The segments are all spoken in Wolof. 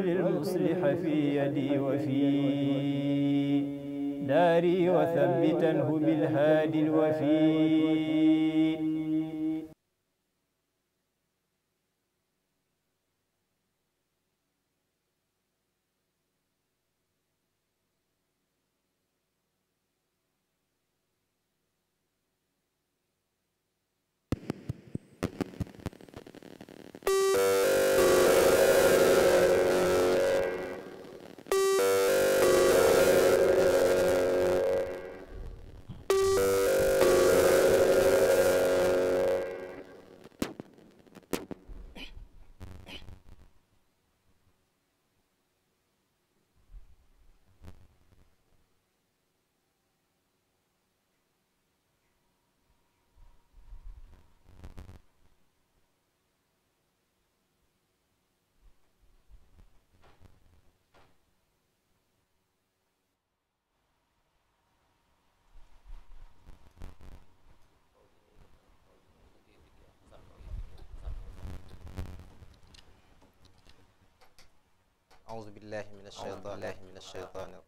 للمصلح في يدي وفي داري وثبته بالهادي الوفي أعوذ بالله من الشيطان من الشيطان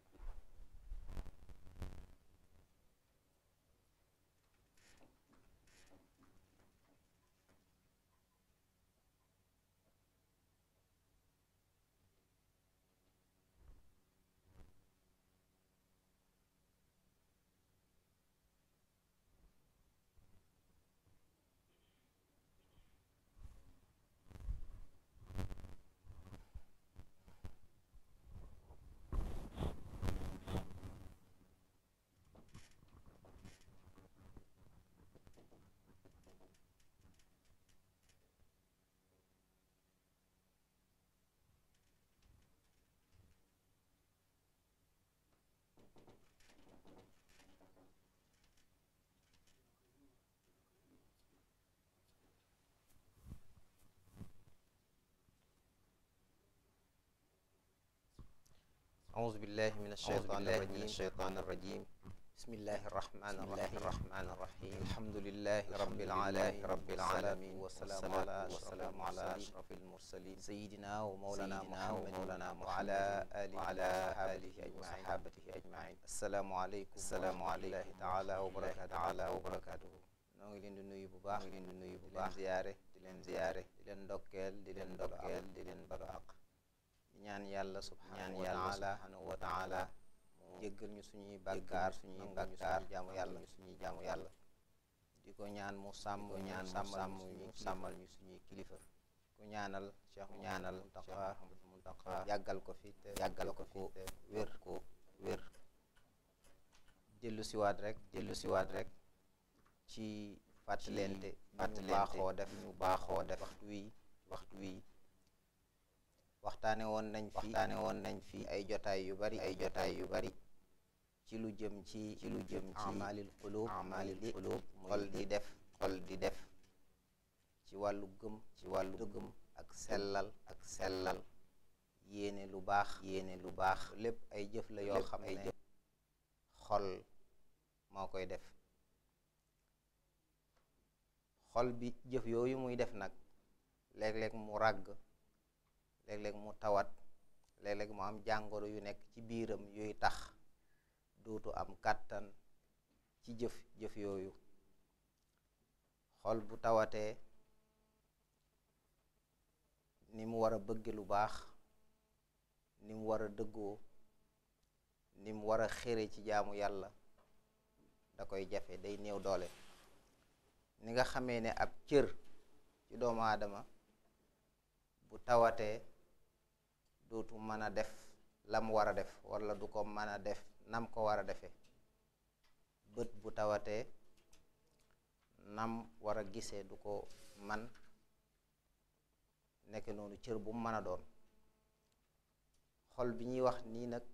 أعوذ بالله من الشيطان الرجيم من الشيطان الرجيم بسم الله الرحمن الرحيم الحمد لله رب العالمين رب العالمين والسلام على والسلام على أشرف المرسلين سيدنا ومولانا محمد وعلى آله وعلى آله أجمعين صحابته أجمعين السلام عليكم السلام عليكم الله تعالى وبركاته تعالى وبركاته noo ngi leen di nuyu bu baax ngi leen di nuyu bu baax ziyaare di leen ziyaare di leen ndokkeel di leen ndokkeel di leen balu àq ñaan yàlla subhaanahu wa taala jéggal ñu suñuy baggaar suñuy bàkkaar jaamu yàlla suñuy jaamu yàlla di ko ñaan mu sàmm ñaan sàmmal ñu sàmmal ñu suñuy kilifa ku ñaanal cheikh ñaanal muntaqa muntaqa yàggal ko fi te yàggal ko fi te wér ko wér jëllu siwaat rek jëllu siwaat rek ci fàttalente fàttalente baaxoo def baaxoo def waxtu wi waxtu wi waxtaane woon nañ fi woon nañ fi ay jotaay yu bari ay jotaay yu bari ci lu jëm ci ci lu jëm ci amalil qulub amalil qulub xol def di def ci wàllu gëm ci wàllu gëm ak sellal ak sellal yéene lu baax yéene lu baax lépp ay jëf la yoo xam ne xol moo koy def xol bi jëf yooyu muy def nag léeg-léeg mu ràgg léeg-léeg mu tawat léeg-léeg mu am jàngoro yu nekk ci biiram yuy tax dootu am kàttan ci jëf jëf yooyu xool bu tawatee ni mu war a bëgge lu baax ni mu war a dëggoo ni mu war a xére ci jaamu yàlla da koy jafe day néew doole ni nga xamee ne ab cër ci doomu aadama bu tawatee dootu mën a def lam war a def walla du ko mën a def nam ko war a defee bët bu tawatee nam war a gisee du ko man nekk noonu cër bu mu mën a doon xol bi ñuy wax nii nag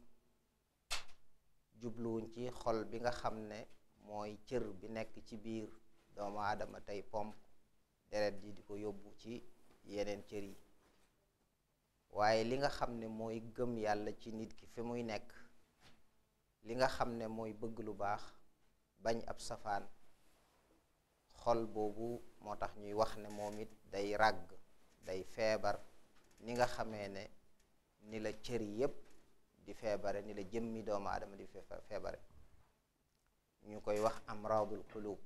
jubluwuñ ci xol bi nga xam ne mooy cër bi nekk ci biir doomu aadama tey pomp deret ji di ko yóbbu ci yeneen cër yi waaye li nga xam ne mooy gëm yàlla ci nit ki fi muy nekk li nga xam ne mooy bëgg lu baax bañ ab safaan xol boobu moo tax ñuy wax ne moom it day ràgg day feebar ni nga xamee ne ni la cër yépp di feebare ni la jëmmi doomu aadama di feebare ñu koy wax amradul qulub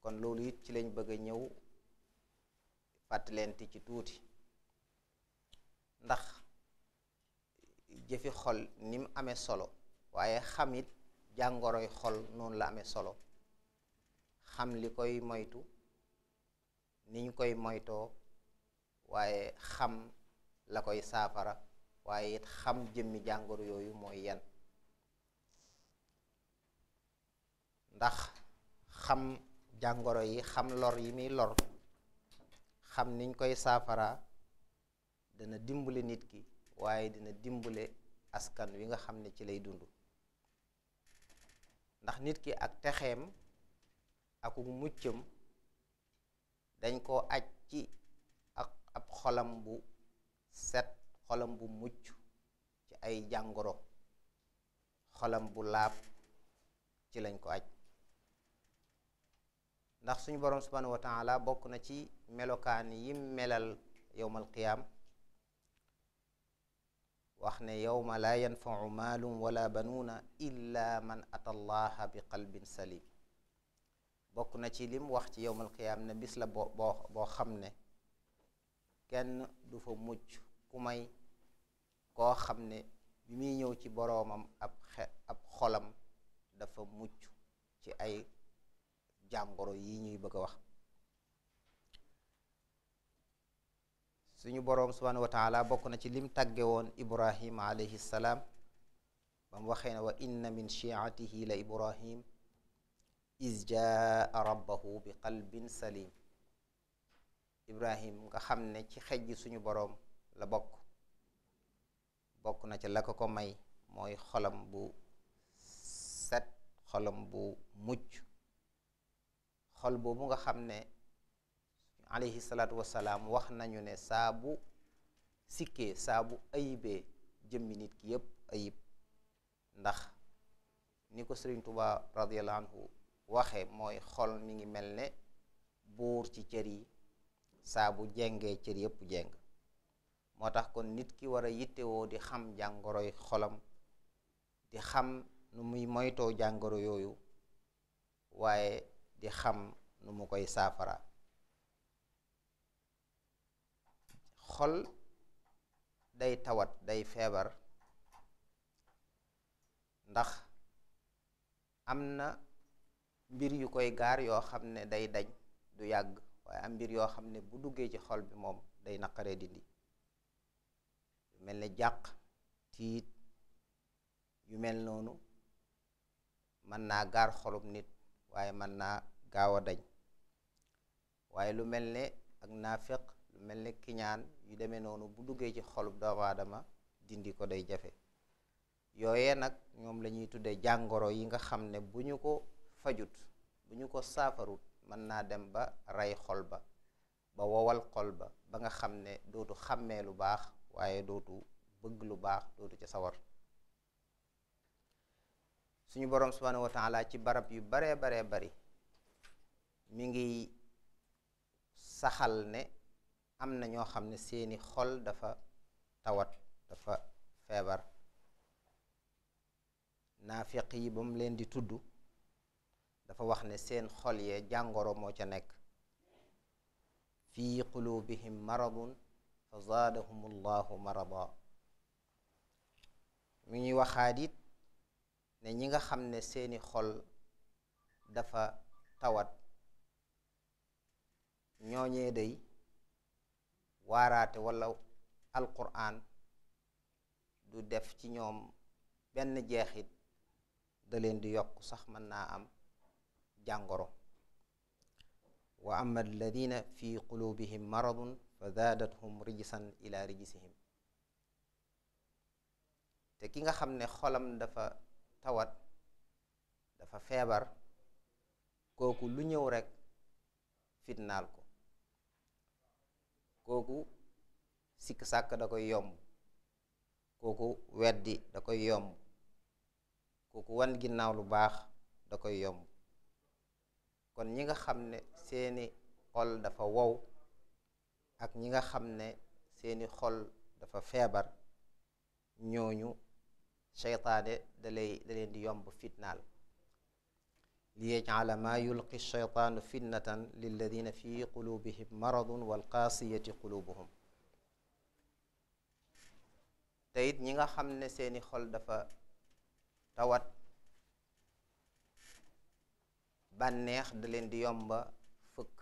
kon loolu it ci lañ bëgg a ñëw fàttalente ci tuuti ndax jëfi xol ni mu amee solo waaye xamit jàngoroy xol noonu la ame solo xam li koy moytu ni ñu koy moytoo waaye xam la koy saafara waaye it xam jëmmi jàngoro yooyu mooy yan ndax xam jàngoro yi xam lor yi muy lor xam niñ koy saafara dina dimbale nit ki waaye dina dimbale askan wi nga xam ne ci lay dund ndax nit ki ak texeem aku muccam dañ koo aj ci ak ab xolam bu set xolam bu mucc ci ay jàngoro xolam bu laab ci lañ ko aj ndax suñu borom subhanahu wa taala bokk na ci melokaan yi melal yowmal qiyaam wax ne yawma laa yanfau maalun wala banuuna illa man ata allaha bi qalbin salim bokk na ci lim wax ci yowmal qiyaam na bis la boo boo xam ne kenn du fa mucc ku may koo xam ne bi muy ñëw ci boroomam ab xe ab xolam dafa mucc ci ay jàngoro yi ñuy bëgg a wax suñu boroom subhaanahu wa taala bokk na ci lim tàgge woon ibrahim alayhi salaam ba mu waxee ne wa inna min shiatihi la ibrahim is jaa rabbahu bi qalbin salim ibrahim nga xam ne ci xejj suñu boroom la bokk bokk na ci la ko ko may mooy xolam bu set xolom bu mucc xol boobu nga xam ne alayhi salaatu wasalaam wax nañu ne saabu bu sikkee saa ayibee jëmmi nit ki yépp ayib ndax ni ko sëriñ Tuba radiyallahu anhu waxe mooy xol mi ngi mel ne buur ci cër yi saabu bu jengee cër yépp jeng moo tax kon nit ki war a yittewoo di xam jàngoroy xolam di xam nu muy moytoo jàngoro yooyu waaye di xam nu mu koy saafara xol day tawat day feebar ndax am na mbir yu koy gaar yoo xam ne day dañ du yàgg waaye am mbir yoo xam ne bu duggee ci xol bi moom day naqaree dindi yu mel ne jàq tiit yu mel noonu mën naa gaar xolub nit waaye mën naa gaaw a dañ waaye lu mel ne ak naafeq mel ni kiñaan yu demee noonu bu duggee ci xolub doomu dindi ko day jafe yooye nag ñoom lañuy tuddee jàngoro yi nga xam ne bu ñu ko fajut bu ñu ko saafarut mën naa dem ba rey xol ba ba wowal xol ba ba nga xam ne dootu xàmmee lu baax waaye dootu bëgg lu baax dootu ca sawar suñu boroom subhaanahu wa taala ci barab yu baree baree bari mu ngi saxal ne am na ñoo xam ne seeni xol dafa tawat dafa feebar naafiq yi ba mu leen di tudd dafa wax ne seen xol yee jàngoro moo ca nekk fi qulubihim maradun fa zaadahum allahu marada mu ñuy waxaat it ne ñi nga xam ne seeni xol dafa tawat ñooñee day waaraate walla alquran du def ci ñoom benn jeexit da leen di yokk sax mën naa am jàngoro wa ama alladina fi qulubihim maradun fa zaadathum rijsan ila rijsihim te ki nga xam ne xolam dafa tawat dafa feebar kooku lu ñëw rekk fitnaal ko kooku sikk sàkk da koy yomb kooku weddi da koy yomb kooku wan ginnaaw lu baax da koy yomb kon ñi nga xam ne seeni xol dafa wow ak ñi nga xam ne seeni xol dafa feebar ñooñu seytaane da daleen di yomb fitnaal liyajcala maa yulqi shaytaanu fitnatan lilladina fi qulubihim maradun walqaasiyati qulubuhum te it ñi nga xam ne seeni xol dafa tawat bànneex da leen di yomba fëkk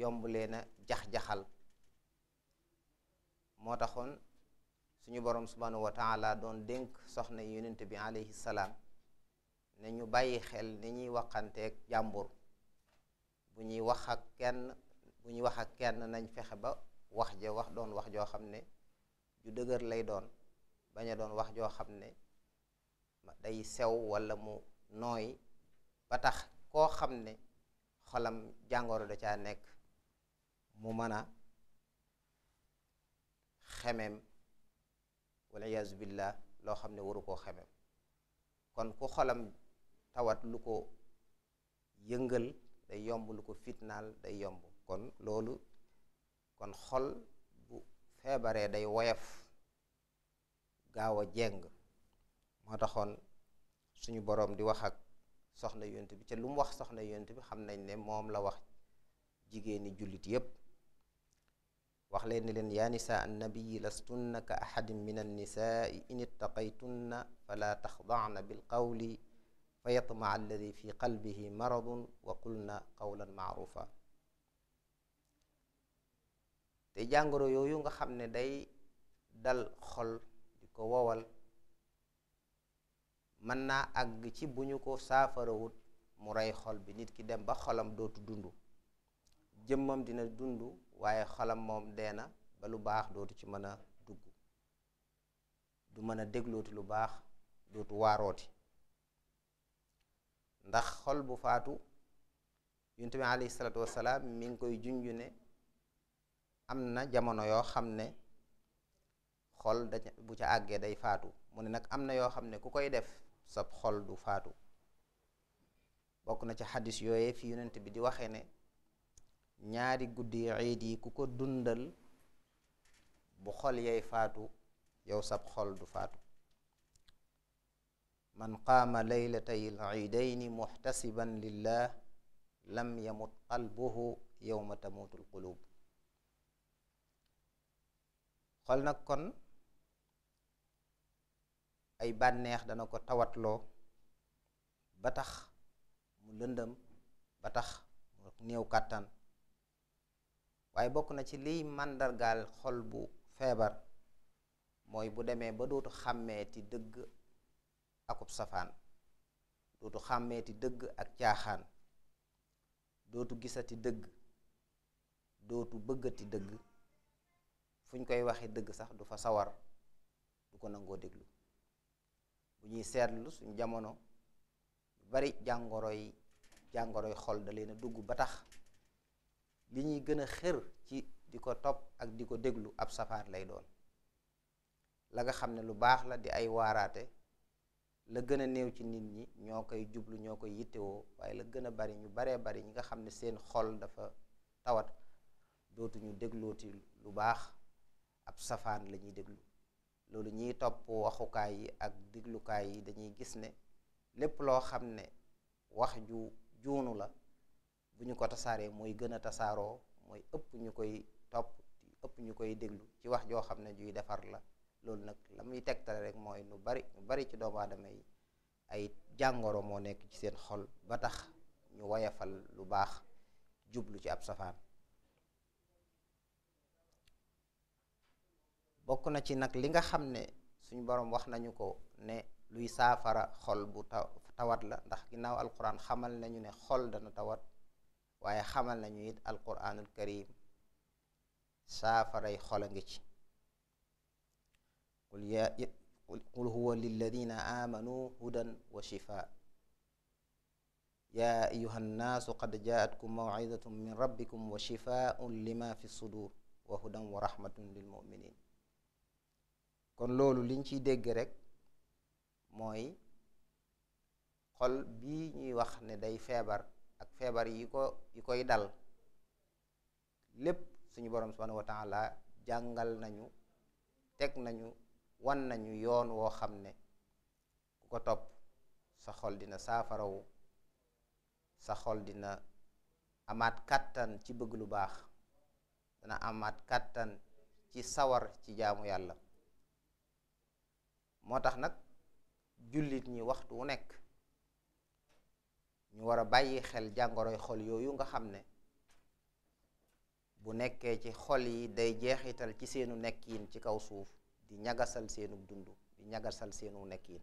yomb leen jax-jaxal moo taxoon suñu boroom subhanahu wa taala doon dénk soxna yonent bi alayhi salaam ne ñu bàyyi xel ni ñuy waxanteeg jàmbur bu ñuy wax ak kenn bu ñuy wax kenn nañ fexe ba wax ja wax doon wax joo xam ne ju dëgër lay doon bañ doon wax joo xam ne day sew walla mu nooy ba tax koo xam ne xolam jàngoro da caa nekk mu mën a xemem walla iyaazu billaah loo xam ne waru koo xemem kon ku xolam tawat lu ko yëngal day yomb lu ko fitnaal day yomb kon loolu kon xol bu feebaree day woyof gaaw a jeng moo taxoon suñu boroom di wax ak soxna yonent bi ca lu mu wax soxna yont bi xam nañ ne moom la wax jigéeni jullit yépp wax leen ni leen yaa nisaa annabiyi lastunna ka ahadin min annisaai in ittaqaytunna fala taxdacna bilqawli fa yatmaa alladi fi qalbihi maradun wa qulna qawlan maarufa te jàngoro yooyu nga xam ne day dal xol di ko wowal mën naa àgg ci bu ñu ko saafarawut mu rey xol bi nit ki dem ba xolam dootu dund jëmmam dina dund waaye xolam moom dee na ba lu baax dootu ci mën a dugg du mën a déglooti lu baax dootu waarooti ndax xol bu faatu yonent bi alayhi salaatu wasalaam mi ngi koy junj ne am na jamono yoo xam ne xol da bu ca àggee day faatu mu ne nag am na yoo xam ne ku koy def sab xol du faatu bokk na ci xadis yooyee fi yonent bi di waxee ne ñaari guddi iid yi ku ko dundal bu xol yay faatu yow sab xol du faatu man qaama laylatay al-iidayni muhtasiban lillah lam yamut qalbuhu yawma tamuutul xol nag kon ay bànneex dana ko tawatloo ba tax mu lëndëm ba tax mu néew kàttan waaye bokk na ci liy màndargaal xol bu feebar mooy bu demee ba dootu xàmmee ci dëgg akub safaan dootu xàmmeeti dëgg ak caaxaan dootu gisati dëgg dootu bëggati dëgg fu ñu koy waxee dëgg sax du fa sawar du ko nangoo déglu bu ñuy seetlu suñ jamono bari jàngoroy jàngoroy xol da leen a dugg ba tax li ñuy gën a xër ci di ko topp ak di ko déglu ab safaan lay doon la nga xam ne lu baax la di ay waaraate la gën a néew ci nit ñi ñoo koy jublu ñoo koy yittewoo waaye la gën a bari ñu baree bari ñi nga xam ne seen xol dafa tawat dootuñu déglooti lu baax ab safaan lañuy déglu loolu ñiy topp waxukaay yi ak déglukaay yi dañuy gis ne lépp loo xam ne wax ju juunu la bu ñu ko tasaaree mooy gën a tasaaroo mooy ëpp ñu koy topp ëpp ñu koy déglu ci wax joo xam ne juy defar la loolu nag la muy tegtale rek mooy lu bari lu bari ci doomu aadama ay jàngoro moo nekk ci seen xol ba tax ñu woyafal lu baax jublu ci ab safaan bokk na ci nag li nga xam ne suñu boroom wax nañu ko ne luy saafara xol bu tawat la ndax ginnaaw alquran xamal nañu ne xol dana tawat waaye xamal nañu it alquranul karim saafaray xol a ngi ci qul ya qul huwa lilladina amanu hudan wa shifaa yaa ayuha nnaasu qad jaatkum mawcidatun min rabbikum wa shifaaun lima fi sudur wa hudan wa rahmatun lil muminin kon loolu liñ ciy dégg rek mooy xol bii ñuy wax ne day feebar ak feebar yi ko yi koy dal lépp suñu boroom subhanahu jàngal nañu teg nañu wan nañu yoon woo xam ne ku ko topp sa xol dina saafarawu sa xol dina amaat kàttan ci bëgg lu baax dana amaat kàttan ci sawar ci jaamu yàlla moo tax nag jullit ñi waxtu wu nekk ñu war a bàyyi xel jàngoroy xol yooyu nga xam ne bu nekkee ci xol yi day jeexital ci seenu nekkin ci kaw suuf di ñagasal seenu dund di ñagasal seenu nekkin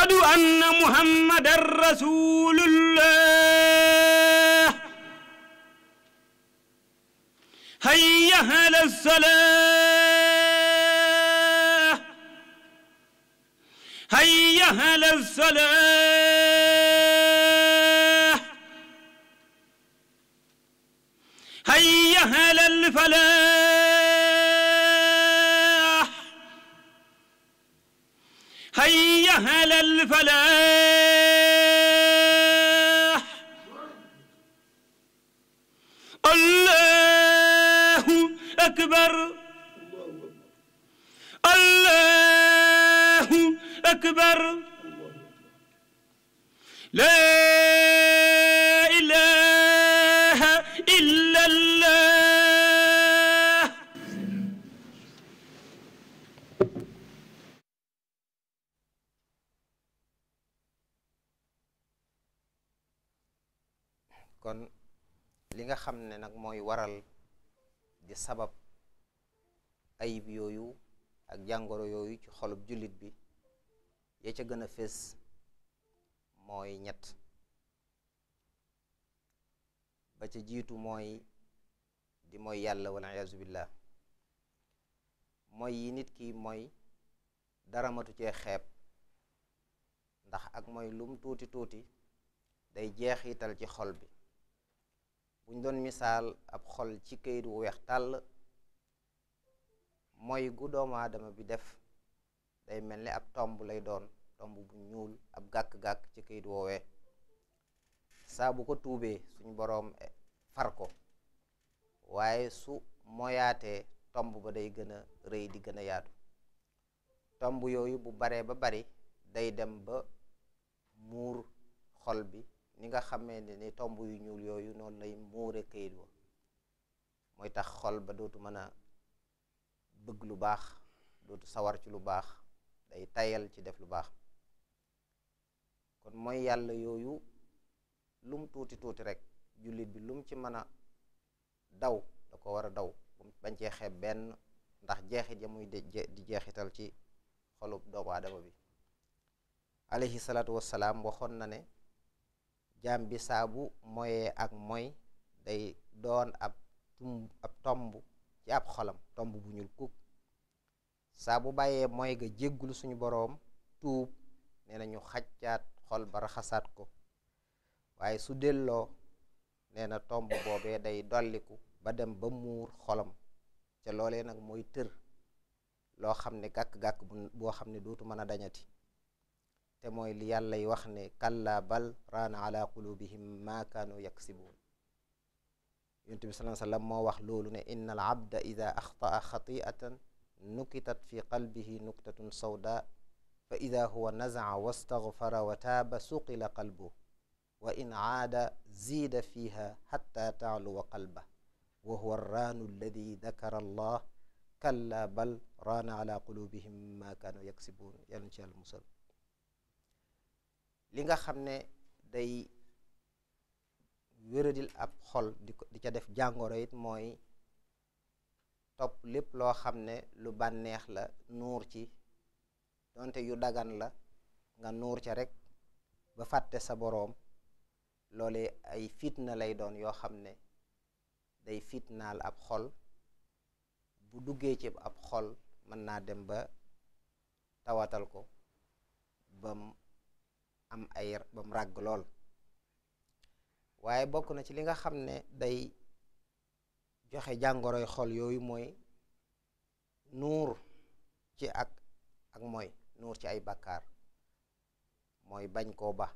ashhadu anna muhammadan rasulullah hayya ala salah hayya ala salah hayya ala falah فلا kon li nga xam ne nag mooy waral di sabab ayib yooyu ak jàngoro yooyu ci xolub jullit bi ya ca gën a fés mooy ñett ba ca jiitu mooy di mooy yàlla wala iyaazu billah mooy yi nit ki mooy dara matu cee xeeb ndax ak mooy lum tuuti tuuti day jeexital ci xol bi bu ñu doon misaal ab xol ci kayit wu weex tàll mooy gu doomu aadama bi def day mel ni ab tomb lay doon tomb bu ñuul ab gàkk-gàkk ci kayit woowee saa bu ko tuubee suñu boroom e, far ko waaye su moyaatee tomb ba day gën a rëy di gën a yaatu tomb yooyu bu baree ba bari day dem ba muur xol bi ni nga xamee ni tomb yu ñuul yooyu noonu lay muure kayit wa mooy tax xol ba dootu mën a bëgg lu baax dootu sawar ci lu baax day tayal ci def lu baax kon mooy yàlla yooyu lum tuuti tuuti rekk jullit bi lum ci mën a daw da ko war a daw bañ cee xeeb benn ndax jeexit ya muy di jeexital ci xolub doomu aadama bi alayhi salaatu wassalaam waxoon na ne jaam bi saabu moyee ak moy day doon ab tumb ab tomb ci ab xolam tomb bu ñuul kuk saabu bu bàyyee moy ga jéggul suñu boroom tuub nee na ñu xaccaat xol ba raxasaat ko waaye su delloo nee na tomb boobee day dolliku ba dem ba muur xolam ca loolee nag mooy tër loo xam ne gàkk-gàkk boo xam ne dootu mën a dañati te mooy li yàllay wax ne kalla bal raana ala qulubihim ma kaanu yaksibuun yonent bi sallallahu alayhi wasallam moo wax loolu ne inna al abda ida axtaa xatiatan nukitat fi qalbihi nuktatun sawda fa ida huwa nazaca wastaghfara wa taaba suqila qalbu wa in aada ziida fiha xatta tacluwa qalba wa huwa arraanu alladi dakara allah kalla bal raana ala qulubihim ma kaanu yaksibuun yàlla ci yàlla musal li nga xam ne day wéradil ab xol di di ca def jàngoro it mooy topp lépp loo xam ne lu bànneex la nuur ci donte yu dagan la nga nuur ca rekk ba fàtte sa boroom loole ay na lay doon yoo xam ne day naa la ab xol bu duggee ci ab xol mën naa dem ba tawatal ko bam am ay ba mu ràgg lool waaye bokk na ci li nga xam ne day joxe jàngoroy xol yooyu mooy nuur ci ak ak mooy nuur ci ay bàkkaar mooy bañ koo ba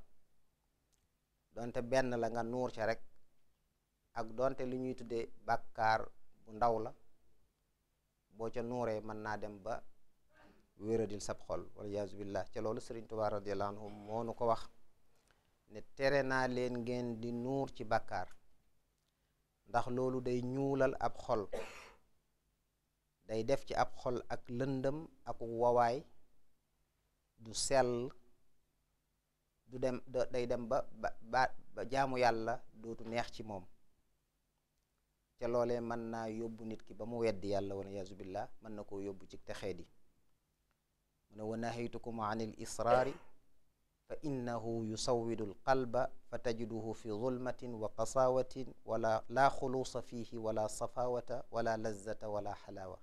donte benn la nga nuur ca rek ak donte lu ñuy tuddee bàkkaar bu ndaw la boo ca nuuree mën naa dem ba wéeradil sab xol wala yaasu billah ca loolu sëriñ Tuubaa radiyallahu moo nu ko wax ne tere naa leen ngeen di nuur ci bàkkaar ndax loolu day ñuulal ab xol day def ci ab xol ak lëndëm ak wawaay du sel du dem day dem ba ba ba jaamu yàlla dootu neex ci moom ca loolee mën naa yóbbu nit ki ba mu weddi yàlla wala yaasu billah mën na koo yóbbu ci texee di mu ne wa nahaytukum an il israari fa innahu yusawidu alqalba fa tajiduhu fi zulmatin wa qasawatin wala laa xuluusa fiihi wala safawata wala lazzata wala xalaawa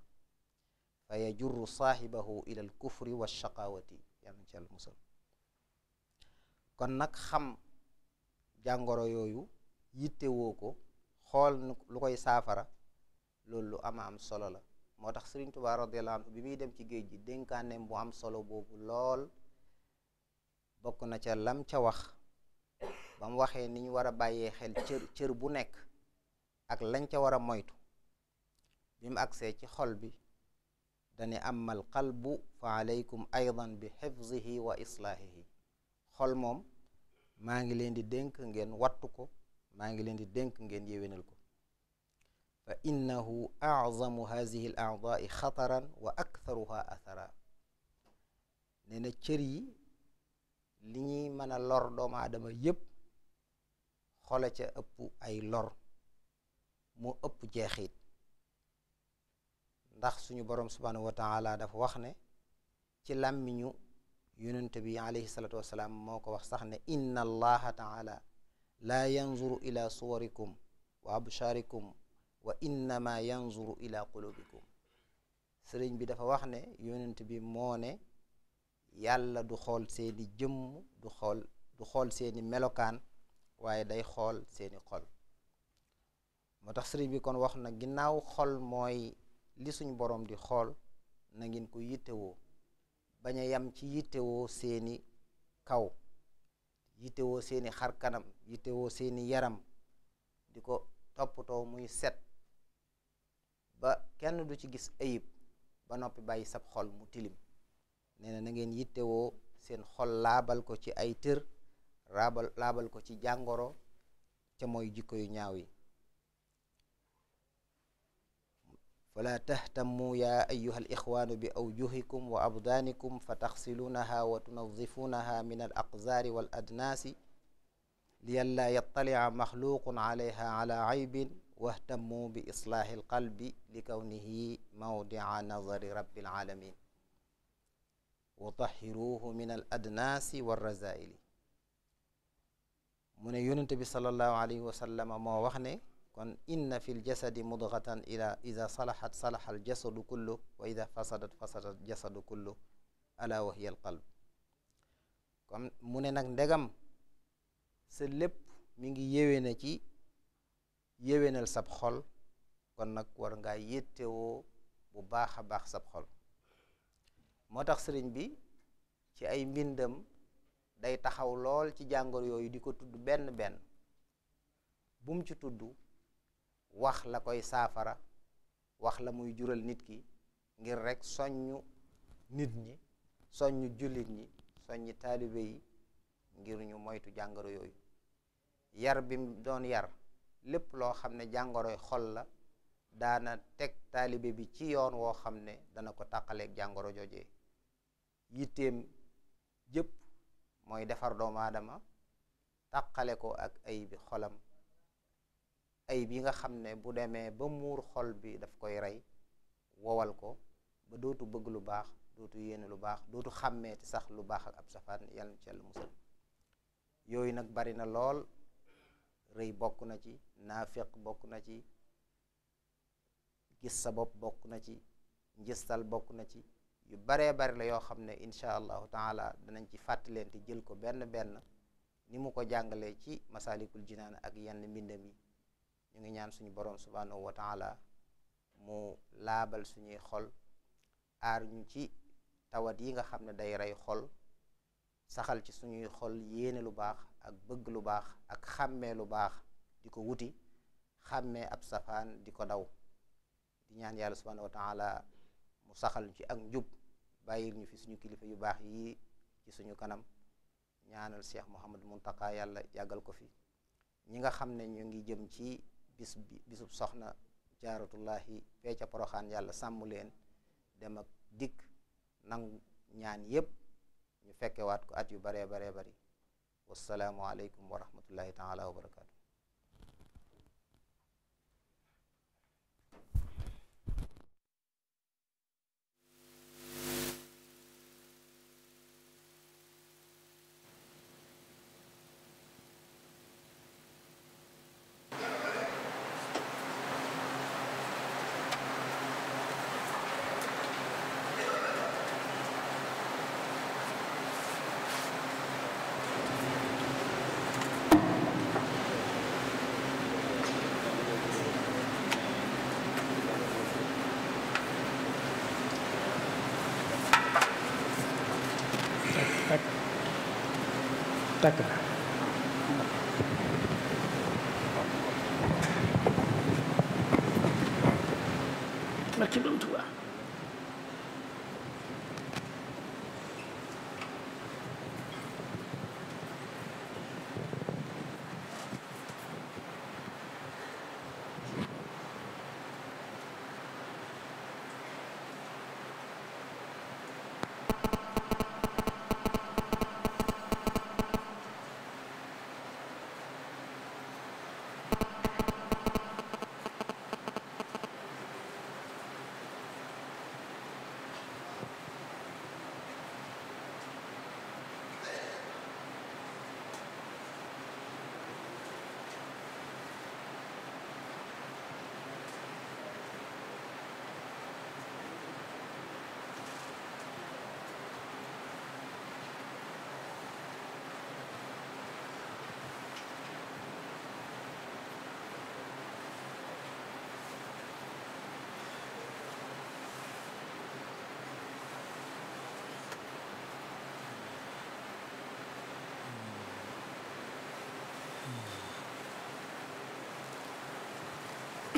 fa yajurru saaxibahu ila alkufri walshaqaawati yàlla ci musal kon nag xam jàngoro yooyu yittewoo ko xool lu koy saafara loolu lu ama am solo la moo tax Sëriñ Tuubaa radiyallaahu anhu bi muy dem ci géej gi dénkaaneem bu am solo boobu lool bokk na ca lam ca wax ba waxee ni ñu war a bàyyee xel cër bu nekk ak lañ ca war a moytu bi agsee ci xol bi dane amal qalbu fa aleykum aydan bi xifzihi wa islaahihi xol moom maa ngi leen di dénk ngeen wattu ko maa ngi leen di dénk ngeen yéwénal ko fa innahu azamu hazihi l aadaai xataran wa aktharuha athara nee na cër yi li ñuy mën a lor doomu aadama yépp xoola ca ëpp ay lor moo ëpp jeexit ndax suñu boroom subhaanahu wa taala dafa wax ne ci làmmiñu yonent bi alayhi salaatu wasalaam moo ko wax sax ne inna allaha taala laa yanzuru ila suwarikum wa abshaarikum wa innama yanzuru ila qulubikum sëriñ bi dafa wax ne yonant bi moo ne yàlla du xool seeni jëmm du xool du xool seeni melokaan waaye day xool seeni xol moo tax sëriñ bi kon wax na ginnaaw xol mooy li suñ borom di xool na ngeen ko yittewoo bañ a yam ci yittewoo seeni kaw yittewoo seeni xar kanam yittewoo seeni yaram di ko toppatoo muy set ba kenn du ci gis ayib ba noppi bàyyi sab xol mu tilim nee na na ngeen yittewoo seen xol laabal ko ci ay tër laabal ko ci jàngoro ca moy jikko yu ñaaw yi fala tahtamu ya ayuha al ixwaanu bi awjuhikum wa abdaanikum fa taxsiluunaha wa tunadifuunaha min al aqzaari wal adnaasi li an laa yattalica maxluuqun alayha wahtamu bi islaahi alqalbi li kawnihi mawdia nazari rabbil alamin wa tahiruhu min al wa razaili mu ne yonente bi salallahu alayhi wa sallama moo waxne kon inna fi ljasadi mudgatan ila ida salaxat ala wa hiya alqalb kon mu ne nag ndegam sa lépp mi ngi yéwee na ci yéwénal sab xol kon nag war ngaa yéttewoo bu baax a baax sab xol moo tax sëriñ bi ci ay mbindam day taxaw lool ci jàngoro yooyu di ko tudd benn benn bum ci tudd wax la koy saafara wax la muy jural nit ki ngir rek soññu nit ñi soññu jullit ñi soññi taalibe yi ngir ñu moytu jàngoro yooyu yar bim doon yar lépp loo xam ne jàngoroy xol la daana teg taalibe bi ci yoon woo xam ne dana ko tàqaleeg jàngoro jooje yitteem jëpp mooy defar doomu aadama tàqale ko ak ayibi xolam ay bi nga xam ne bu demee ba muur xol bi daf koy rey wowal ko ba dootu bëgg lu baax dootu yéene lu baax dootu xàmmeeti sax lu baax ak ab safaan yàlla na ci yàlla musal yooyu nag bari na lool rëy bokk na ci naafeq bokk na ci gis sa bopp bokk na ci njistal bokk na ci yu baree bari la yoo xam ne incha allahu taala danañ ci fàttalente jël ko benn benn ni mu ko jàngalee ci masalikul jinaan ak yenn mbindam yi ñu ngi ñaan suñu borom subhanahu wa taala mu laabal suñuy xol aar ñu ci tawat yi nga xam ne day rey xol saxal ci suñuy xol yéene lu baax ak bëgg lu baax ak xàmmee lu baax di ko wuti xàmmee ab safaan di ko daw di ñaan yàlla subhaanahu wa taala mu saxal ci ak njub bàyyil ñu fi suñu kilifa yu baax yii ci suñu kanam ñaanal Cheikh Mouhamadou Mountakha yàlla yàggal ko fi ñi nga xam ne ñu ngi jëm ci bis bisub soxna jaaratullahi fee ca poroxaan yàlla sàmm leen dem ak dikk nangu ñaan yépp ñu fekkewaat ko at yu baree baree bari wasalaamualeykum wa rahmatullahi taala wa barakaatu takk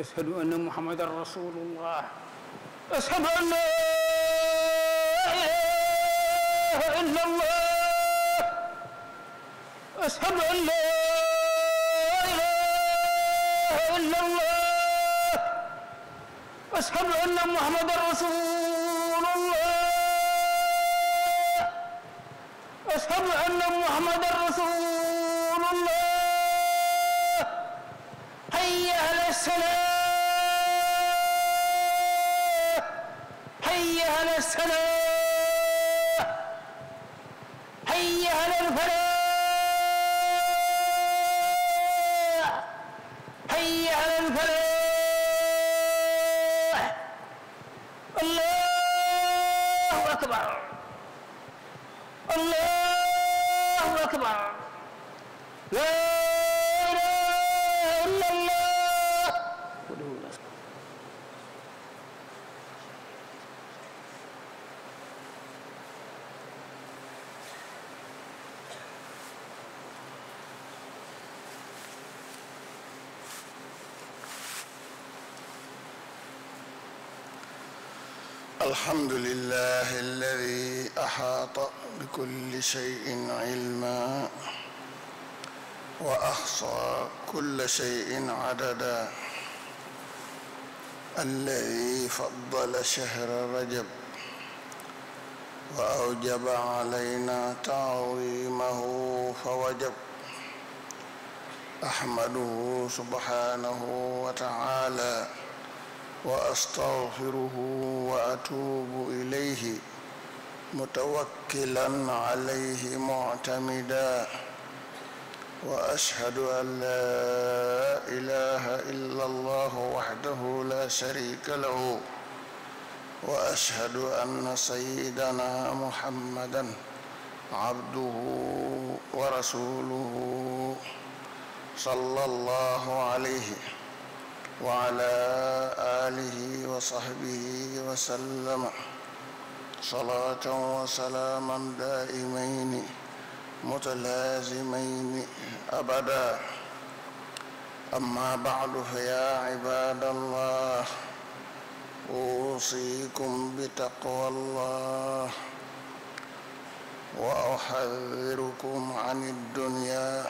واشهد ان محمدا رسول الله اشهد ان لا اله الا الله اشهد ان لا اله الا الله اشهد ان محمدا رسول الله اشهد ان محمدا رسول الله حي على السلام allahu akbar allahu akbar la ilaha illa allah الحمد لله الذي أحاط بكل شيء علما وأحصى كل شيء عددا الذي فضل شهر رجب وأوجب علينا تعظيمه فوجب أحمده سبحانه وتعالى واستغفره واتوب اليه متوكلا عليه معتمدا واشهد ان لا اله الا الله وحده لا شريك له واشهد ان سيدنا محمدا عبده ورسوله صلى الله عليه وعلى آله وصحبه وسلم صلاة وسلاما دائمين متلازمين أبدا أما بعد فيا عباد الله أوصيكم بتقوى الله وأحذركم عن الدنيا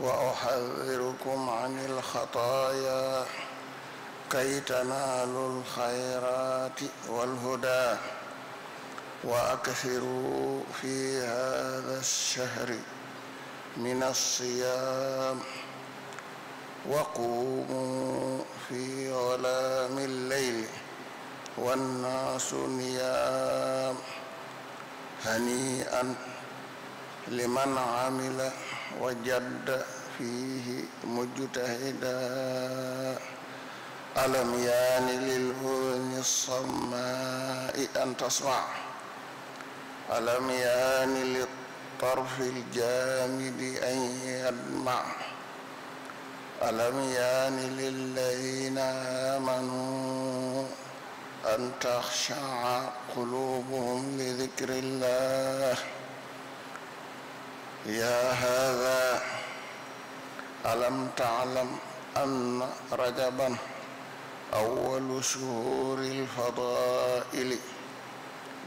وأحذركم عن الخطايا كي تنالوا الخيرات والهدى وأكثروا في هذا الشهر من الصيام وقوموا في ظلام الليل والناس نيام هنيئا لمن عمل وجد فيه مجتهدا ألم يان للأذن الصماء أن تسمع ألم يان للطرف الجامد أن يدمع ألم يان للذين آمنوا أن تخشع قلوبهم لذكر الله يا هذا ألم تعلم أن رجبا أول شهور الفضائل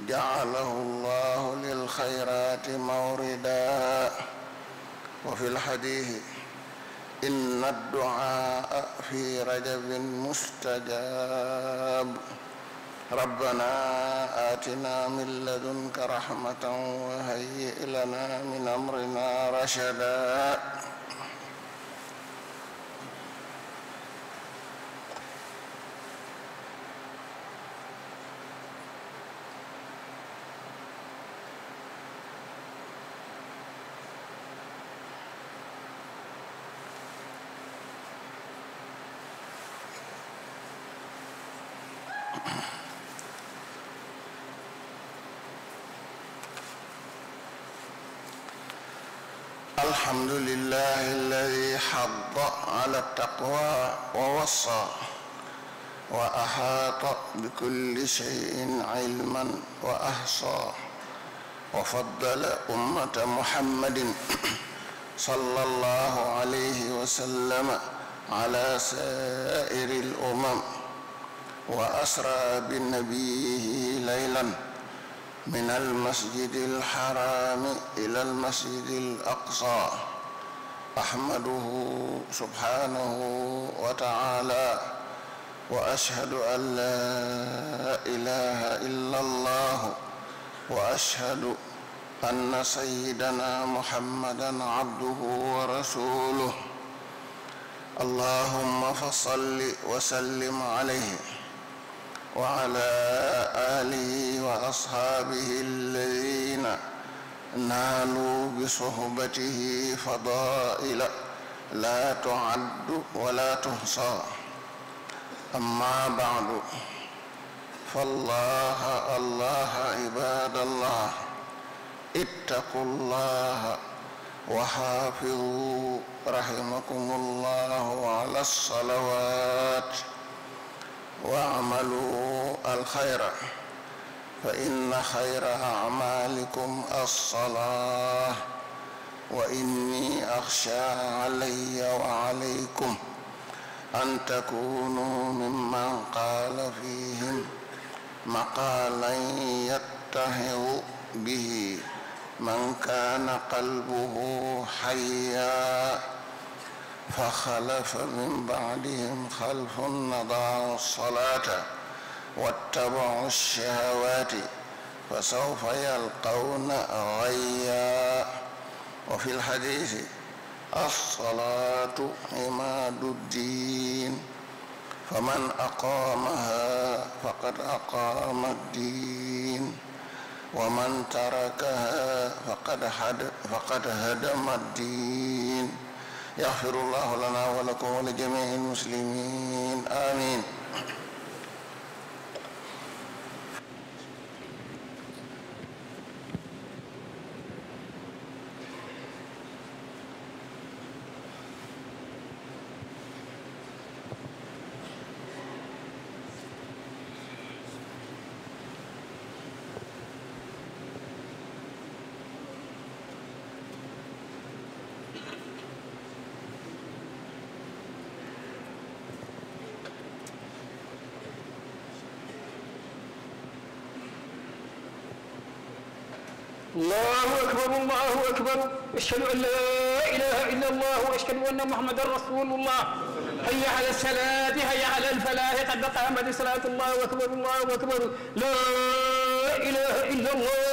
جعله الله للخيرات موردا وفي الحديث إن الدعاء في رجب مستجاب ربنا آتنا من لدنك رحمة وهيئ لنا من أمرنا رشدا الحمد لله الذي حض على التقوى ووصى وأحاط بكل شيء علما وأحصى وفضل أمة محمد صلى الله عليه وسلم على سائر الأمم وأسرى بنبيه ليلا من المسجد الحرام إلى المسجد الأقصى أحمده سبحانه وتعالى وأشهد أن لا إله إلا الله وأشهد أن سيدنا محمدا عبده ورسوله اللهم فصل وسلم عليه وعلى آله وأصحابه الذين نالوا بصحبته فضائل لا تعد ولا تحصى أما بعد فالله الله عباد الله اتقوا الله وحافظوا رحمكم الله على الصلوات واعملوا الخير فإن خير أعمالكم الصلاة وإني أخشى علي وعليكم أن تكونوا ممن قال فيهم مقالا يتهم به من كان قلبه حيا فخلف من بعدهم خلف أضاعوا الصلاة واتبعوا الشهوات فسوف يلقون غيا وفي الحديث الصلاة عماد الدين فمن أقامها فقد أقام الدين ومن تركها فقد هدم الدين يغفر الله لنا ولكم ولجميع المسلمين آمين allahu akbar allahu akbar ashhadu an la ilaha illa allah wa ashhadu anna muhammadan rasulullah hayya ala salaati hayya ala alfalaahi qad qaamat salaatu allahu akbar allahu akbar la ilaha illa allah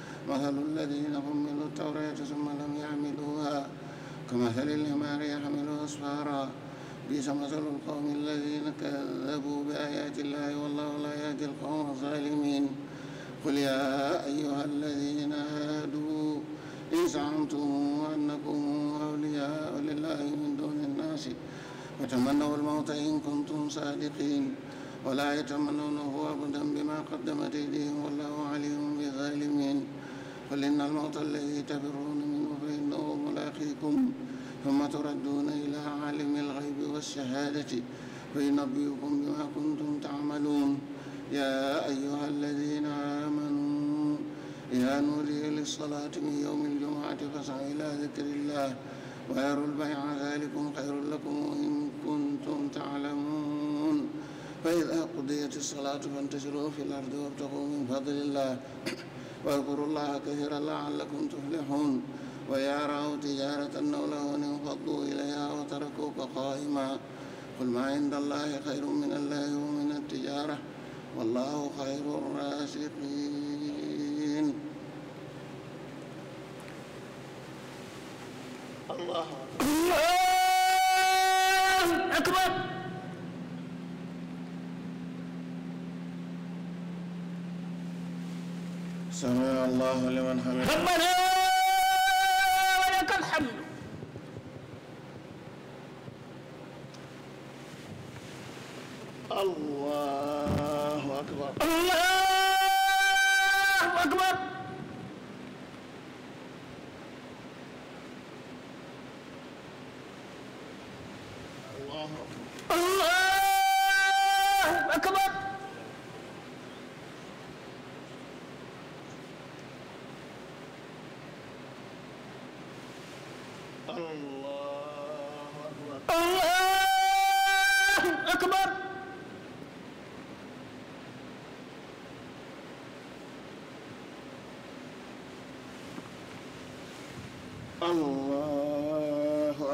مثل الذين حملوا التوراة ثم لم يحملوها كمثل الحمار يحمل أسفارا بئس مثل القوم الذين كذبوا بآيات الله والله لا يهدي القوم الظالمين قل يا أيها الذين هادوا إن زعمتم أنكم أولياء لله من دون الناس وتمنوا الموت إن كنتم صادقين ولا يتمنونه أبدا بما قدمت أيديهم والله عليم بالظالمين ولأن الموت الذي تفرون منه فإنه ملاقيكم ثم تردون إلى عالم الغيب والشهادة فينبئكم بما كنتم تعملون يا أيها الذين آمنوا إذا نودي للصلاة من يوم الجمعة فاسعوا إلى ذكر الله ويروا البيع ذلكم خير لكم إن كنتم تعلمون فإذا قضيت الصلاة فانتشروا في الأرض وابتغوا من فضل الله واذكروا الله كثيرا لعلكم تفلحون ويا رأوا تجارة أو لهوا انفضوا إليها وتركوك قائما قل ما عند الله خير من الله ومن التجارة والله خير الرازقين الله أكبر سمع الله لمن حمده ربنا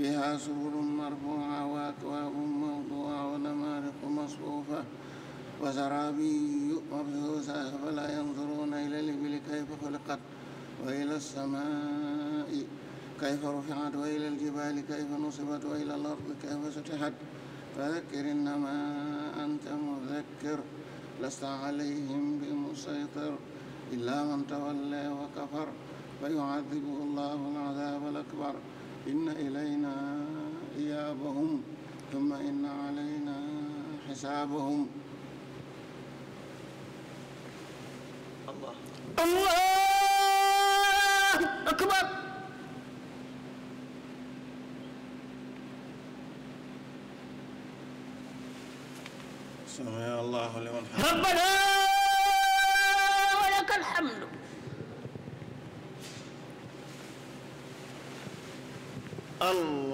فيها سرر مرفوعة وأكواب موضوعة ونمارق مصفوفة وزرابي مبثوثة فلا ينظرون إلى الإبل كيف خلقت وإلى السماء كيف رفعت وإلى الجبال كيف نصبت وإلى الأرض كيف سطحت فذكر إنما أنت مذكر لست عليهم بمسيطر إلا من تولى وكفر فيعذبه الله العذاب الأكبر إن إلينا إيابهم ثم إن علينا حسابهم الله الله أكبر سمع الله لمن حمده ربنا ولك الحمد Allah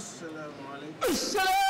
asalaamaaleykum